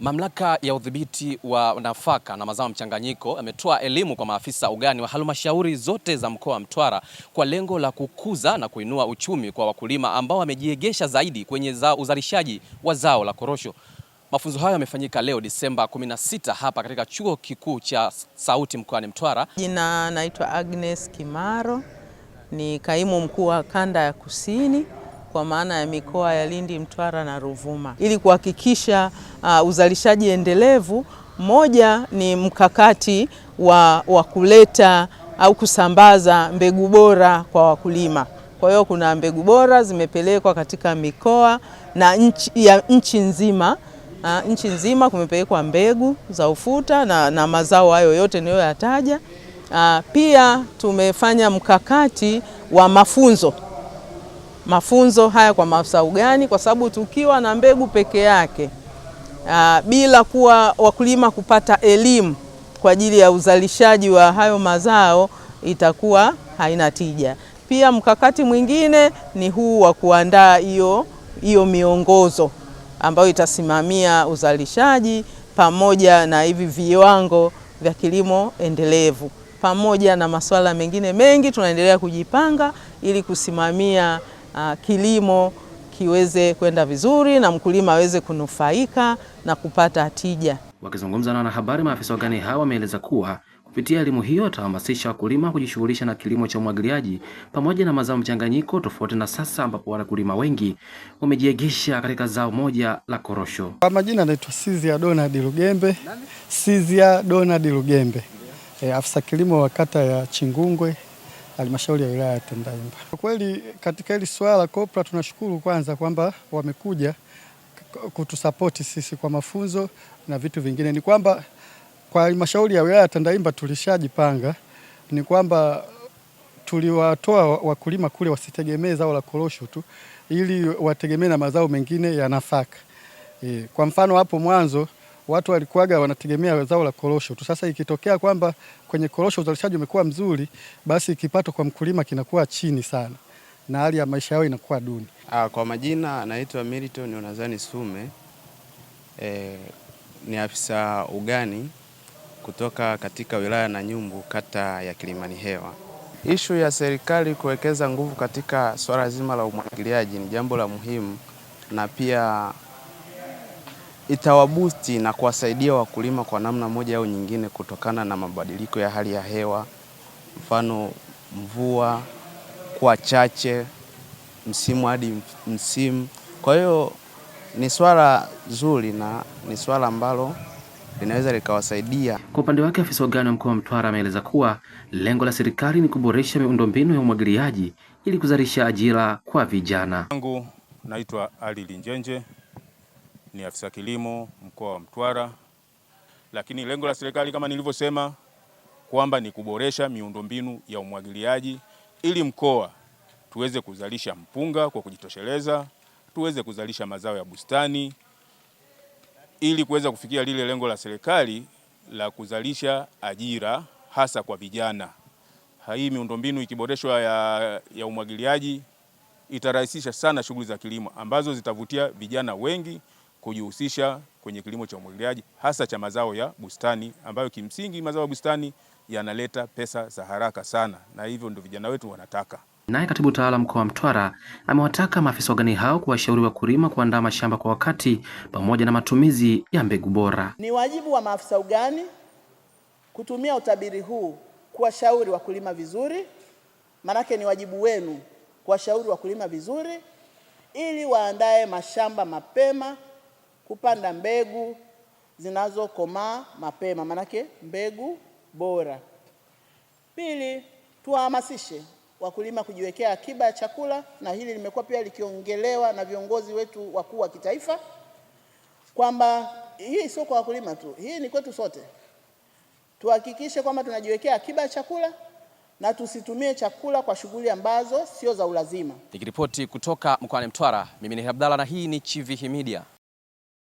Mamlaka ya udhibiti wa nafaka na mazao mchanganyiko ametoa elimu kwa maafisa ugani wa halmashauri zote za mkoa wa Mtwara kwa lengo la kukuza na kuinua uchumi kwa wakulima ambao wamejiegesha zaidi kwenye za uzalishaji wa zao la korosho. Mafunzo hayo yamefanyika leo Disemba 16 hapa katika Chuo Kikuu cha Sauti mkoani Mtwara. Jina naitwa Agnes Kimaro, ni kaimu mkuu wa kanda ya Kusini kwa maana ya mikoa ya Lindi, Mtwara na Ruvuma ili kuhakikisha uh, uzalishaji endelevu. Moja ni mkakati wa, wa kuleta au kusambaza mbegu bora kwa wakulima. Kwa hiyo kuna mbegu bora zimepelekwa katika mikoa na nchi, ya nchi nzima uh, nchi nzima kumepelekwa mbegu za ufuta na, na mazao hayo yote Uh, Pia tumefanya mkakati wa mafunzo mafunzo haya kwa maafisa ugani, kwa sababu tukiwa na mbegu peke yake aa, uh, bila kuwa wakulima kupata elimu kwa ajili ya uzalishaji wa hayo mazao itakuwa haina tija. Pia mkakati mwingine ni huu wa kuandaa hiyo hiyo miongozo ambayo itasimamia uzalishaji pamoja na hivi viwango vya kilimo endelevu pamoja na masuala mengine mengi, tunaendelea kujipanga ili kusimamia uh, kilimo kiweze kwenda vizuri na mkulima aweze kunufaika na kupata tija. Wakizungumza na wanahabari, maafisa wagani hawa wameeleza kuwa kupitia elimu hiyo watahamasisha wakulima kujishughulisha na kilimo cha umwagiliaji pamoja na mazao mchanganyiko, tofauti na sasa ambapo wakulima wengi wamejiegesha katika zao moja la korosho. Kwa majina anaitwa Sizia Donald Lugembe, Sizia Donald Lugembe, e, afisa kilimo wa kata ya Chingungwe halmashauri ya wilaya ya Tandahimba. Kwa kweli katika hili swala kopra tunashukuru kwanza kwamba wamekuja kutusapoti sisi kwa mafunzo na vitu vingine. Ni kwamba kwa halmashauri ya wilaya ya Tandahimba tulishajipanga, ni kwamba tuliwatoa wakulima kule wasitegemee zao la korosho tu, ili wategemee na mazao mengine ya nafaka. E, kwa mfano hapo mwanzo watu walikuwaga wanategemea zao la korosho tu. Sasa ikitokea kwamba kwenye korosho uzalishaji umekuwa mzuri, basi kipato kwa mkulima kinakuwa chini sana na hali ya maisha yao inakuwa duni. Aa, ah, kwa majina anaitwa Milton Unazani Sume e, ni afisa ugani kutoka katika wilaya na Nanyumbu kata ya Kilimani Hewa. Ishu ya serikali kuwekeza nguvu katika swala zima la umwagiliaji ni jambo la muhimu na pia itawabusti na kuwasaidia wakulima kwa namna moja au nyingine kutokana na mabadiliko ya hali ya hewa, mfano mvua kuwa chache msimu hadi msimu. Kwa hiyo ni swala zuri na ni swala ambalo linaweza likawasaidia. Kwa upande wake, afisa ugani wa mkoa wa Mtwara ameeleza kuwa lengo la serikali ni kuboresha miundombinu ya umwagiliaji ili kuzalisha ajira kwa vijana. Yangu naitwa Ali Linjenje ni afisa kilimo mkoa wa Mtwara, lakini lengo la serikali kama nilivyosema kwamba ni kuboresha miundombinu ya umwagiliaji ili mkoa tuweze kuzalisha mpunga kwa kujitosheleza, tuweze kuzalisha mazao ya bustani ili kuweza kufikia lile lengo la serikali la kuzalisha ajira hasa kwa vijana. Hii miundombinu ikiboreshwa ya, ya umwagiliaji itarahisisha sana shughuli za kilimo ambazo zitavutia vijana wengi kujihusisha kwenye kilimo cha umwagiliaji hasa cha mazao ya bustani, ambayo kimsingi mazao ya bustani yanaleta pesa za haraka sana, na hivyo ndio vijana wetu wanataka. Naye katibu tawala mkoa wa Mtwara amewataka maafisa wa gani hao kuwashauri wakulima kuandaa mashamba kwa wakati pamoja na matumizi ya mbegu bora. Ni wajibu wa maafisa ugani kutumia utabiri huu kuwashauri wakulima vizuri, maanake ni wajibu wenu kuwashauri wakulima vizuri ili waandae mashamba mapema kupanda mbegu zinazokomaa mapema, maanake mbegu bora. Pili, tuwahamasishe wakulima kujiwekea akiba ya chakula, na hili limekuwa pia likiongelewa na viongozi wetu wakuu wa kitaifa kwamba hii sio kwa wakulima tu, hii ni kwetu sote. Tuhakikishe kwamba tunajiwekea akiba ya chakula na tusitumie chakula kwa shughuli ambazo sio za ulazima. Nikiripoti kutoka mkoani Mtwara, mimi ni Abdalla na hii ni Chivihi Media.